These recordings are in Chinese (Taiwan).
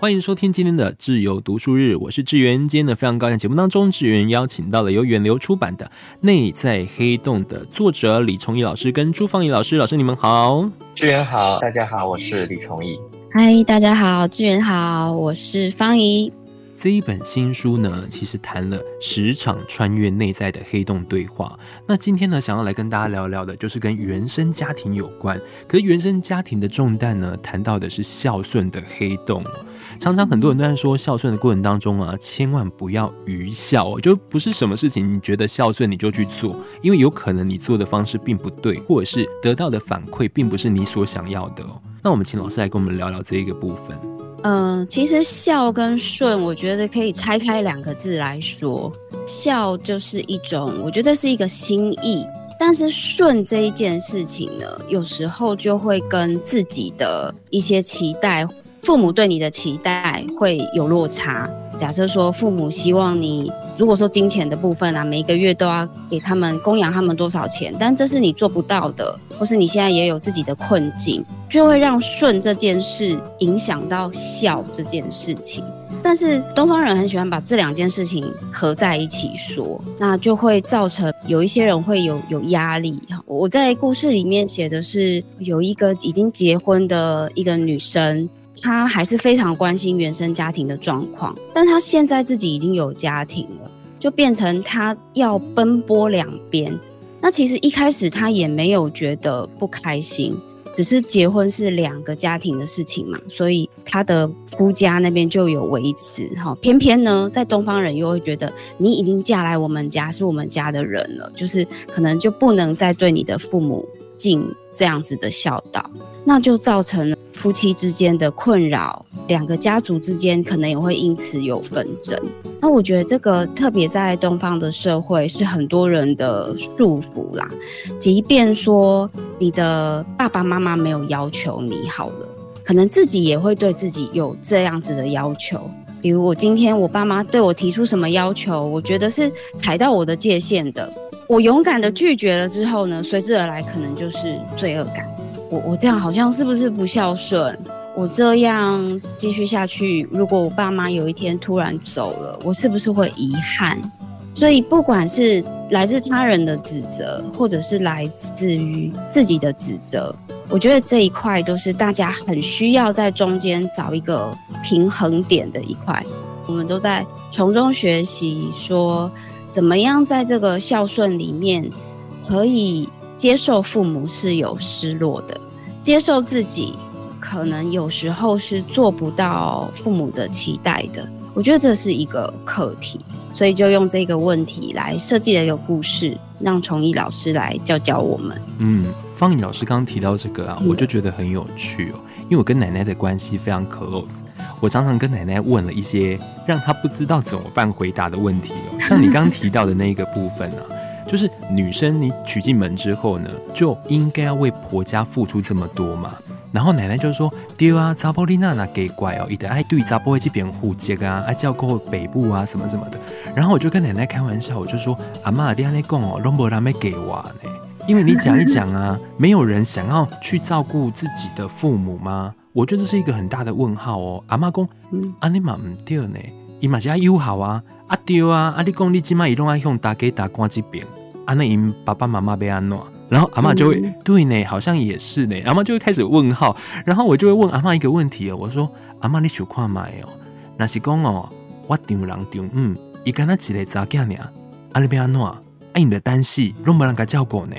歡迎收聽今天的智由讀書日，我是志遠。今天的非常高興，節目當中，志遠邀請到了由遠流出版的《內在黑洞》的作者李崇義老師跟朱芳儀老師。老師，你們好。志遠好，大家好，我是李崇義。嗨，大家好，志遠好，我是芳儀。這一本新書呢，其實談了十場穿越內在的黑洞對話。那今天呢，想要來跟大家聊聊的，就是跟原生家庭有關。可是原生家庭的重擔呢，談到的是孝順的黑洞。常常很多人都在說孝順的過程當中啊，千萬不要愚孝哦，就不是什麼事情你覺得孝順你就去做，因為有可能你做的方式並不對，或者是得到的反饋並不是你所想要的。那我們請老師來跟我們聊聊這一個部分。嗯，其實孝跟順，我覺得可以拆開兩個字來說。孝就是一種，我覺得是一個心意，但是順這一件事情呢，有時候就會跟自己的一些期待，父母對你的期待會有落差。假設說父母希望你。如果說金錢的部分啊，每個月都要給他們供養他們多少錢，但這是你做不到的，或是你現在也有自己的困境，就會讓順這件事影響到孝這件事情。但是東方人很喜歡把這兩件事情合在一起說，那就會造成有一些人會有有壓力。我在故事裡面寫的是有一個已經結婚的一個女生。他還是非常關心原生家庭的狀況，但他現在自己已經有家庭了，就變成他要奔波兩邊。那其實一開始他也沒有覺得不開心，只是結婚是兩個家庭的事情嘛，所以他的夫家那邊就有維持哈。偏偏呢，在東方人又會覺得你已經嫁來我們家，是我們家的人了，就是可能就不能再對你的父母。盡這樣子的孝道，那就造成了夫妻之間的困擾，兩個家族之間可能也會因此有紛爭。那我覺得這個特別在東方的社會是很多人的束縛啦。即便說你的爸爸媽媽沒有要求你好了，可能自己也會對自己有這樣子的要求。比如我今天我爸媽對我提出什麼要求，我覺得是踩到我的界限的。我勇敢地拒絕了之後呢，隨之而來可能就是罪惡感。我我這樣好像是不是不孝順？我這樣繼續下去，如果我爸媽有一天突然走了，我是不是會遺憾？所以不管是來自他人的指責，或者是來自於自己的指責，我覺得這一塊都是大家很需要在中間找一個平衡點的一塊。我們都在從中學習，說怎麼樣在這個孝順裡面，可以接受父母是有失落的，接受自己可能有時候是做不到父母的期待的。我覺得這是一個課題，所以就用這個問題來設計了一個故事，讓崇義老師來教教我們。嗯，芳儀老師剛剛提到這個啊，嗯，我就覺得很有趣哦。因為我跟奶奶的關係非常 close，我常常跟奶奶問了一些讓她不知道怎麼辦回答的問題哦，像你剛剛提到的那一個部分啊，就是女生你娶進門之後呢，就應該要為婆家付出這麼多嘛，然後奶奶就說丟 啊，查波利娜娜給怪哦，一定愛對查波會去別人護接啊，愛叫過北部啊什麼什麼的，然後我就跟奶奶開玩笑，我就說阿媽阿弟阿內講哦，攏無人要給我呢。因為你講一講啊，沒有人想要去照顧自己的父母嗎？我覺得這是一個很大的問號哦、喔。阿嬤講，公、嗯，阿你媽唔掉呢？伊嘛是阿友好啊，阿掉啊，阿你講，你只賣伊攏愛向大家打關這邊。阿、啊、那因爸爸媽媽被安諾，然後阿嬤就會、嗯、對呢，好像也是呢。阿嬤就會開始問號，然後我就會問阿嬤一個問題哦、喔。我說阿嬤，你想看買哦、喔，若是講哦、喔，我丟人丟，嗯，伊干那一個雜件呢？阿、啊、你被安諾，阿因着擔心，攏沒人個照顧呢？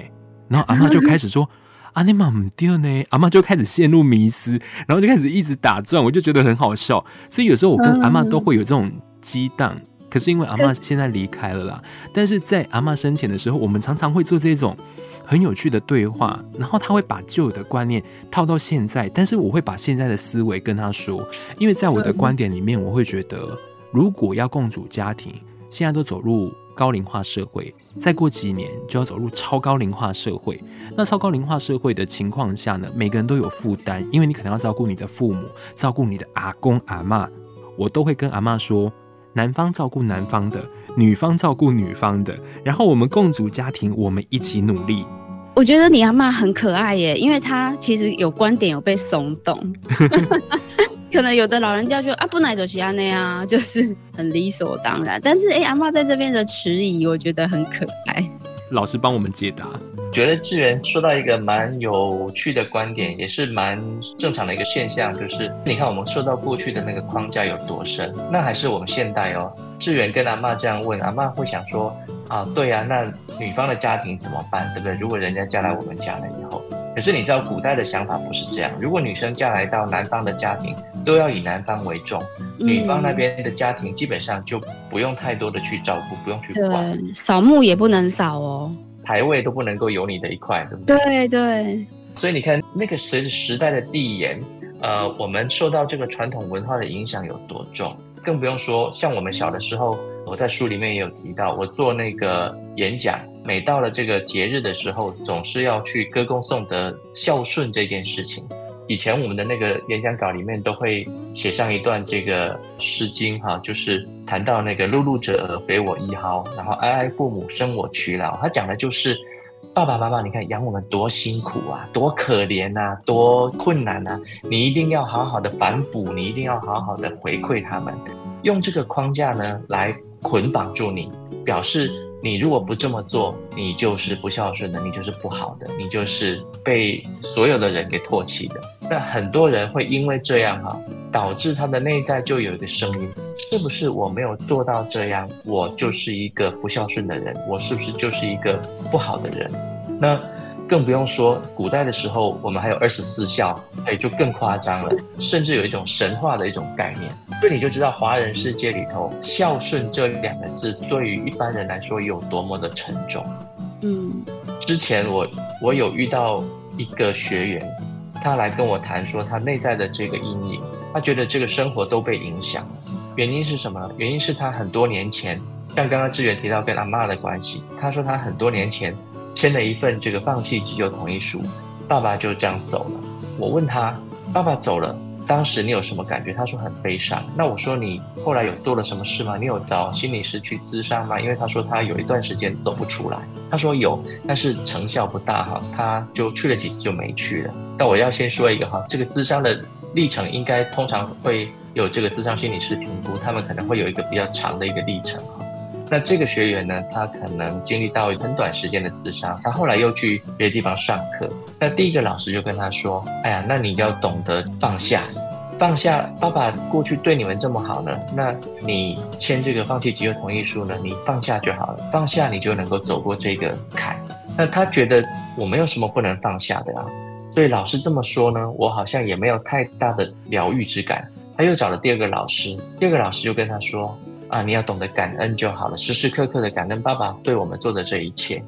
然後阿嬤就開始說：“阿、 啊、你媽唔掉呢。”阿嬤就開始陷入迷思，然後就開始一直打轉，我就覺得很好笑。所以有時候我跟阿嬤都會有這種激盪。可是因為阿嬤現在離開了啦，但是在阿嬤生前的時候，我們常常會做這種很有趣的對話。然後她會把舊的觀念套到現在，但是我會把現在的思維跟她說，因為在我的觀點裡面，我會覺得如果要共組家庭，現在都走入高齡化社會。再過幾年就要走入超高齡化社會，那超高齡化社會的情況下呢，每個人都有負擔，因為你可能要照顧你的父母，照顧你的阿公阿媽。我都會跟阿媽說，男方照顧男方的，女方照顧女方的，然後我們共組家庭，我們一起努力。我覺得你阿媽很可愛耶，因為她其實有觀點有被鬆動。 可能有的老人家就啊，不然就其他那啊，就是很理所當然。但是哎、欸，阿嬤在這邊的遲疑，我覺得很可愛。老師幫我們解答，覺得志遠說到一個蠻有趣的觀點，也是蠻正常的一個現象，就是你看我們說到過去的那個框架有多深，那還是我們現代哦。志遠跟阿嬤這樣問，阿嬤會想說啊，對呀、啊，那女方的家庭怎麼辦，對不對？如果人家嫁來我們家了以後。可是你知道古代的想法不是這樣。如果女生嫁來到男方的家庭，都要以男方為重，嗯，女方那邊的家庭基本上就不用太多的去照顧，不用去管。對，掃墓也不能掃哦，牌位都不能夠有你的一塊，對不對？對對。所以你看，那個隨着時代的遞延，呃，我們受到這個傳統文化的影響有多重。更不用說，像我們小的時候，我在書裡面也有提到，我做那個演講，每到了這個節日的時候，總是要去歌功頌德、孝順這件事情。以前我們的那個演講稿裡面都會寫上一段這個《詩經》哈、啊，就是談到那個“蓼蓼者莪，匪莪伊蒿”，然後“哀哀父母，生我劬勞”，他講的就是。爸爸媽媽，你看養我們多辛苦啊，多可憐吶、啊，多困難吶、啊！你一定要好好的反哺，你一定要好好的回饋他們，用這個框架呢來捆綁住你，表示。你如果不這麼做，你就是不孝順的，你就是不好的，你就是被所有的人給唾棄的。那很多人會因為這樣哈，導致他的內在就有一個聲音：是不是我沒有做到這樣，我就是一個不孝順的人？我是不是就是一個不好的人？那。更不用說古代的時候，我們還有二十四孝，哎，就更誇張了，甚至有一種神話的一種概念。所以你就知道華人世界裡頭“孝順”這兩個字對於一般人來說有多麼的沉重。嗯，之前我我有遇到一個學員，他來跟我談說他內在的這個陰影，他覺得這個生活都被影響了。原因是什麼？原因是他很多年前，像剛剛志遠提到跟阿嬤的關係，他說他很多年前。簽了一份這個放棄急救同意書，爸爸就這樣走了。我問他，爸爸走了，當時你有什麼感覺？他說很悲傷。那我說，你後來有做了什麼事嗎？你有找心理師去諮商嗎？因為他說他有一段時間走不出來。他說有，但是成效不大哈。他就去了幾次就沒去了。那我要先說一個哈，這個諮商的歷程應該通常會有這個諮商心理師評估，他們可能會有一個比較長的一個歷程。那這個學員呢，他可能經歷到很短時間的諮商，他後來又去別的地方上課。那第一個老師就跟他說：“哎呀，那你要懂得放下，放下。爸爸過去對你們這麼好呢？那你簽這個放棄急救同意書呢？你放下就好了，放下你就能夠走過這個坎。”那他覺得我沒有什麼不能放下的啊，所以老師這麼說呢，我好像也沒有太大的療癒之感。他又找了第二個老師，第二個老師就跟他說。啊，你要懂得感恩就好了，時時刻刻的感恩爸爸對我們做的這一切。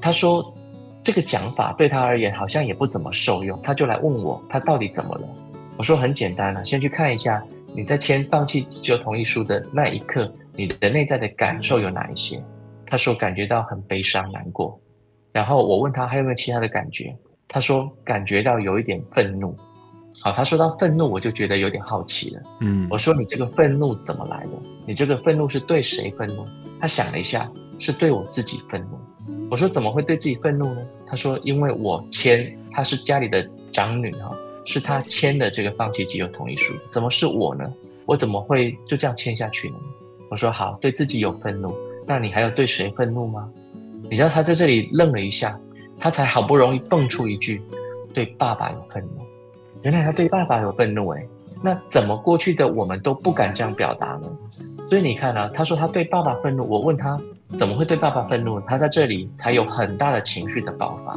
他說，這個講法對他而言好像也不怎麼受用，他就來問我，他到底怎麼了？我說很簡單了，啊，先去看一下你在簽放棄急救同意書的那一刻，你的內在的感受有哪一些？他說感覺到很悲傷難過，然後我問他還有沒有其他的感覺？他說感覺到有一點憤怒。好，他說到憤怒，我就覺得有點好奇了。嗯，我說你這個憤怒怎麼來的？你這個憤怒是對誰憤怒？他想了一下，是對我自己憤怒。我說怎麼會對自己憤怒呢？他說因為我簽，他是家裡的長女哈，是他簽的這個放棄繼承同意書，怎麼是我呢？我怎麼會就這樣簽下去呢？我說好，對自己有憤怒，那你還有對誰憤怒嗎？你知道他在這裡愣了一下，他才好不容易蹦出一句：對爸爸有憤怒。原來他對爸爸有憤怒誒，那怎麼過去的我們都不敢這樣表達呢？所以你看啊，他說他對爸爸憤怒，我問他怎麼會對爸爸憤怒，他在這裡才有很大的情緒的爆發。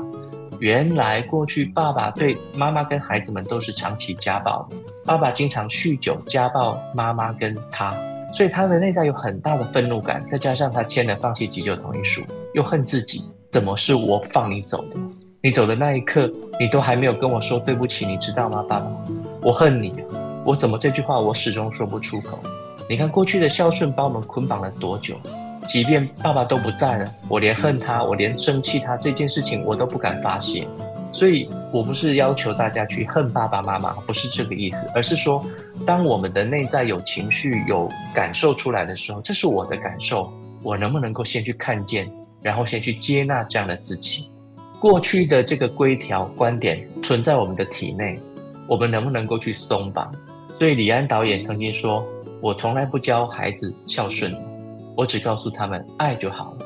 原來過去爸爸對媽媽跟孩子們都是長期家暴的，爸爸經常酗酒家暴媽媽跟他，所以他的內在有很大的憤怒感，再加上他簽了放棄急救同意書，又恨自己怎麼是我放你走的。你走的那一刻，你都還沒有跟我說對不起，你知道嗎，爸爸？我恨你，我怎麼這句話我始終說不出口？你看過去的孝順把我們捆綁了多久？即便爸爸都不在了，我連恨他，我連生氣他這件事情，我都不敢發洩。所以，我不是要求大家去恨爸爸媽媽，不是這個意思，而是說，當我們的內在有情緒、有感受出來的時候，這是我的感受，我能不能夠先去看見，然後先去接納這樣的自己？過去的這個規條觀點存在我們的體內，我們能不能夠去鬆綁？所以李安導演曾經說：“我從來不教孩子孝順，我只告訴他們愛就好了。”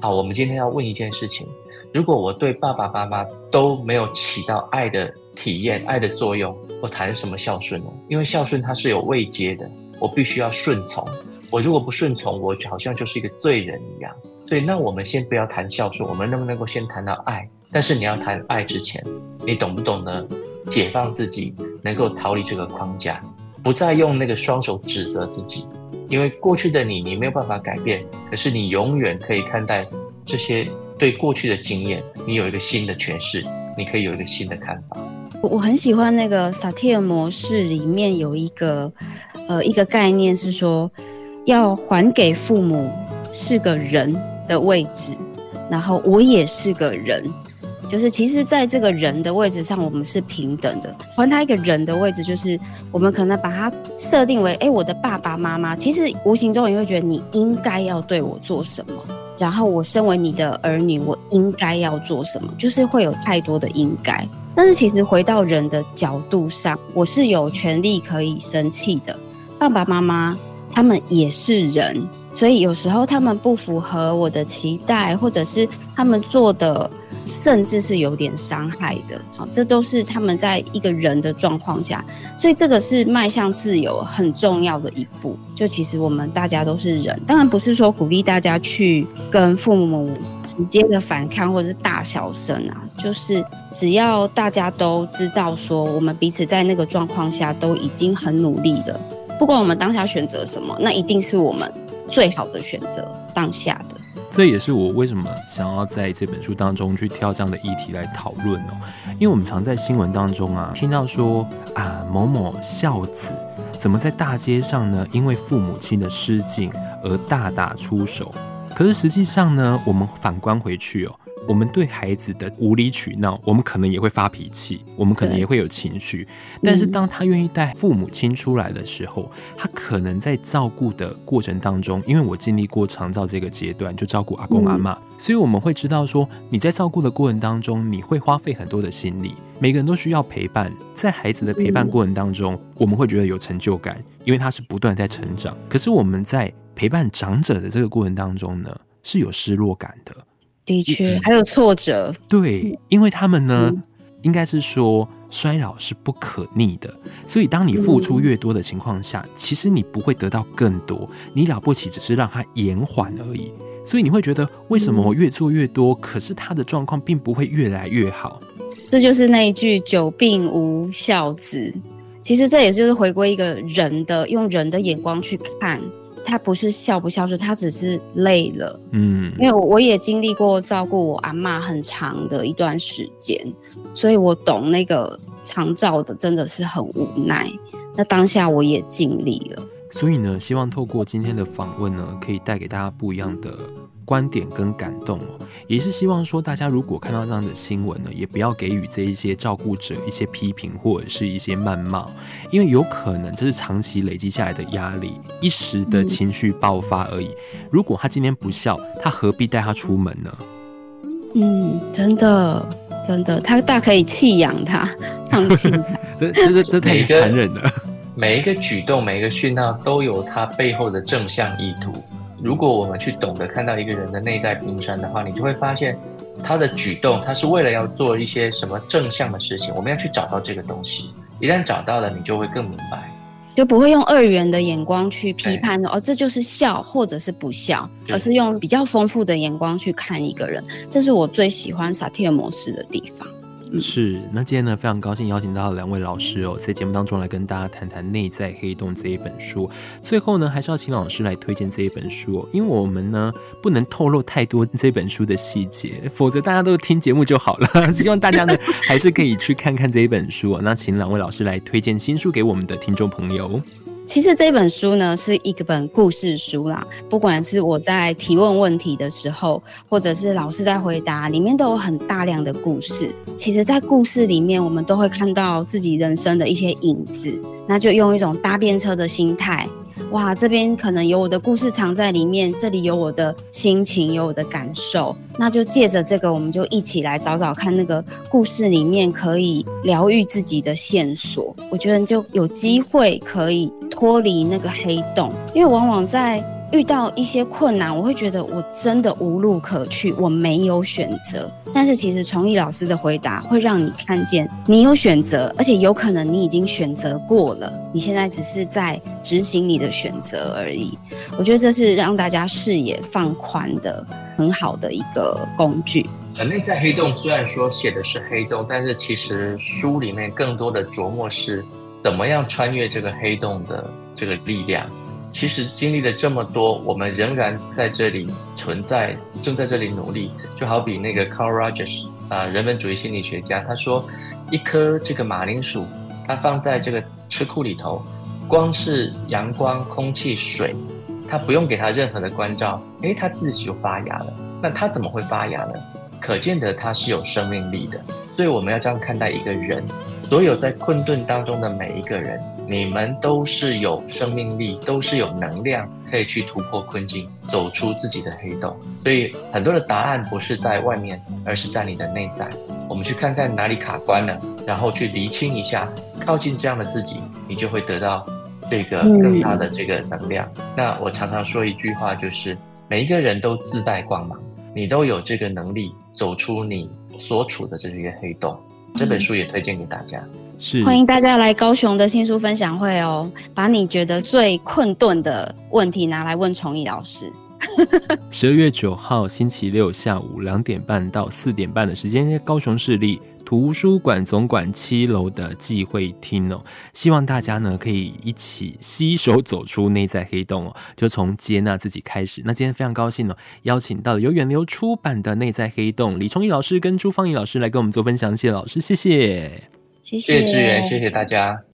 好，我們今天要問一件事情：如果我對爸爸媽媽都沒有起到愛的體驗、愛的作用，我談什麼孝順呢？因為孝順它是有位階的，我必須要順從。我如果不順從，我好像就是一個罪人一樣。所以，那我們先不要談孝順，我們能不能夠先談到愛？但是你要談愛之前，你懂不懂得解放自己，能夠逃離這個框架，不再用那個雙手指責自己，因為過去的你，你沒有辦法改變，可是你永遠可以看待這些對過去的經驗，你有一個新的詮釋，你可以有一個新的看法。我我很喜歡那個薩提爾模式裡面有一個，呃，一個概念是說，要還給父母是個人，的位置，然後我也是個人，就是其實在這個人的位置上，我們是平等的。還他一個人的位置，就是我們可能把他設定為，誒、欸，我的爸爸媽媽，其實無形中也會覺得你應該要對我做什麼，然後我身為你的兒女，我應該要做什麼，就是會有太多的應該。但是其實回到人的角度上，我是有權利可以生氣的。爸爸媽媽他們也是人。所以有時候他們不符合我的期待，或者是他們做的，甚至是有點傷害的。好，這都是他們在一個人的狀況下，所以這個是邁向自由很重要的一步。就其實我們大家都是人，當然不是說鼓勵大家去跟父母直接的反抗或者是大小聲啊，就是只要大家都知道說，我們彼此在那個狀況下都已經很努力了，不管我們當下選擇什麼，那一定是我們。最好的選擇，當下的，這也是我為什麼想要在這本書當中去挑這樣的議題來討論哦。因為我們常在新聞當中啊，聽到說啊某某孝子怎麼在大街上呢，因為父母親的失敬而大打出手。可是實際上呢，我們反觀回去哦。我們對孩子的無理取鬧，我們可能也會發脾氣，我們可能也會有情緒、嗯。但是當他願意帶父母親出來的時候，他可能在照顧的過程當中，因為我經歷過長照這個階段，就照顧阿公阿嬤、嗯，所以我們會知道說，你在照顧的過程當中，你會花費很多的心力。每個人都需要陪伴，在孩子的陪伴過程當中，嗯、我們會覺得有成就感，因為他是不斷在成長。可是我們在陪伴長者的這個過程當中呢，是有失落感的。的確，還有挫折。對，因為他們呢，嗯、應該是說衰老是不可逆的，所以當你付出越多的情況下，嗯，其實你不會得到更多。你了不起只是讓它延緩而已，所以你會覺得，為什麼我越做越多？嗯、可是他的狀況並不會越來越好？這就是那一句“久病無孝子”。其實這也就是回歸一個人的，用人的眼光去看。他不是孝不孝順，他只是累了，嗯，因為我也經歷過照顧我阿嬤很長的一段時間，所以我懂那個長照的真的是很無奈。那當下我也盡力了，所以呢，希望透過今天的訪問呢，可以帶給大家不一樣的觀點跟感動哦，也是希望說，大家如果看到這樣的新聞呢，也不要給予這一些照顧者一些批評或者是一些謾罵，因為有可能這是長期累積下來的壓力，一時的情緒爆發而已、嗯。如果他今天不笑，他何必帶他出門呢？嗯，真的，真的，他大可以棄養他，放棄他。 這、這、這， 這太殘忍了，每每一個舉動，每一個訊號，都有他背後的正向意圖。如果我們去懂得看到一個人的內在冰山的話，你就會發現他的舉動，他是為了要做一些什麼正向的事情。我們要去找到這個東西，一旦找到了，你就會更明白，就不會用二元的眼光去批判、哎、哦，這就是孝或者是不孝，而是用比較豐富的眼光去看一個人。這是我最喜歡薩提爾模式的地方。是，那今天呢，非常高興邀請到兩位老師哦，在節目當中來跟大家談談《內在黑洞》這一本書。最後呢，還是要請老師來推薦這一本書哦，因為我們呢不能透露太多這本書的細節，否則大家都聽節目就好了。希望大家呢 還是可以去看看這一本書哦。那請兩位老師來推薦新書給我們的聽眾朋友。其實這本書呢，是一個本故事書啦。不管是我在提問問題的時候，或者是老師在回答，裡面都有很大量的故事。其實，在故事裡面，我們都會看到自己人生的一些影子。那就用一種搭便車的心態。哇，這邊可能有我的故事藏在裡面，這裡有我的心情，有我的感受，那就借着這個，我們就一起來找找看那個故事裡面可以療癒自己的線索。我覺得你就有機會可以脫離那個黑洞，因為往往在遇到一些困難，我會覺得我真的無路可去，我沒有選擇。但是其實崇義老師的回答會讓你看見你有選擇，而且有可能你已經選擇過了，你現在只是在執行你的選擇而已。我覺得這是讓大家視野放寬的很好的一個工具。呃、嗯，內在黑洞雖然說寫的是黑洞，但是其實書裡面更多的琢磨是怎麼樣穿越這個黑洞的這個力量。其實經歷了這麼多，我們仍然在這裡存在，正在這裡努力。就好比那個 Carl Rogers 啊、呃，人文主義心理學家，他說，一顆這個馬鈴薯，它放在這個車庫裡頭，光是陽光、空氣、水，他不用給他任何的關照，哎，他自己就發芽了。那他怎麼會發芽呢？可見得他是有生命力的。所以我們要這樣看待一個人，所有在困頓當中的每一個人。你們都是有生命力，都是有能量，可以去突破困境，走出自己的黑洞。所以很多的答案不是在外面，而是在你的內在。我們去看看哪裡卡關了，然後去釐清一下，靠近這樣的自己，你就會得到這個更大的這個能量。嗯。那我常常說一句話，就是每一個人都自帶光芒，你都有這個能力走出你所處的這些黑洞。這本書也推薦給大家，是歡迎大家來高雄的新書分享會哦，把你覺得最困頓的問題拿來問崇義老師。 十二月九號星期六下午兩點半到四點半的時間，高雄市立。圖書館總館七樓的聚會廳哦，希望大家呢可以一起攜手走出內在黑洞哦，就從接納自己開始。那今天非常高興哦，邀請到由遠流出版的《內在黑洞》李崇義老師跟朱芳儀老師來跟我們做分享，謝謝老師，謝謝，謝謝志遠，謝謝大家。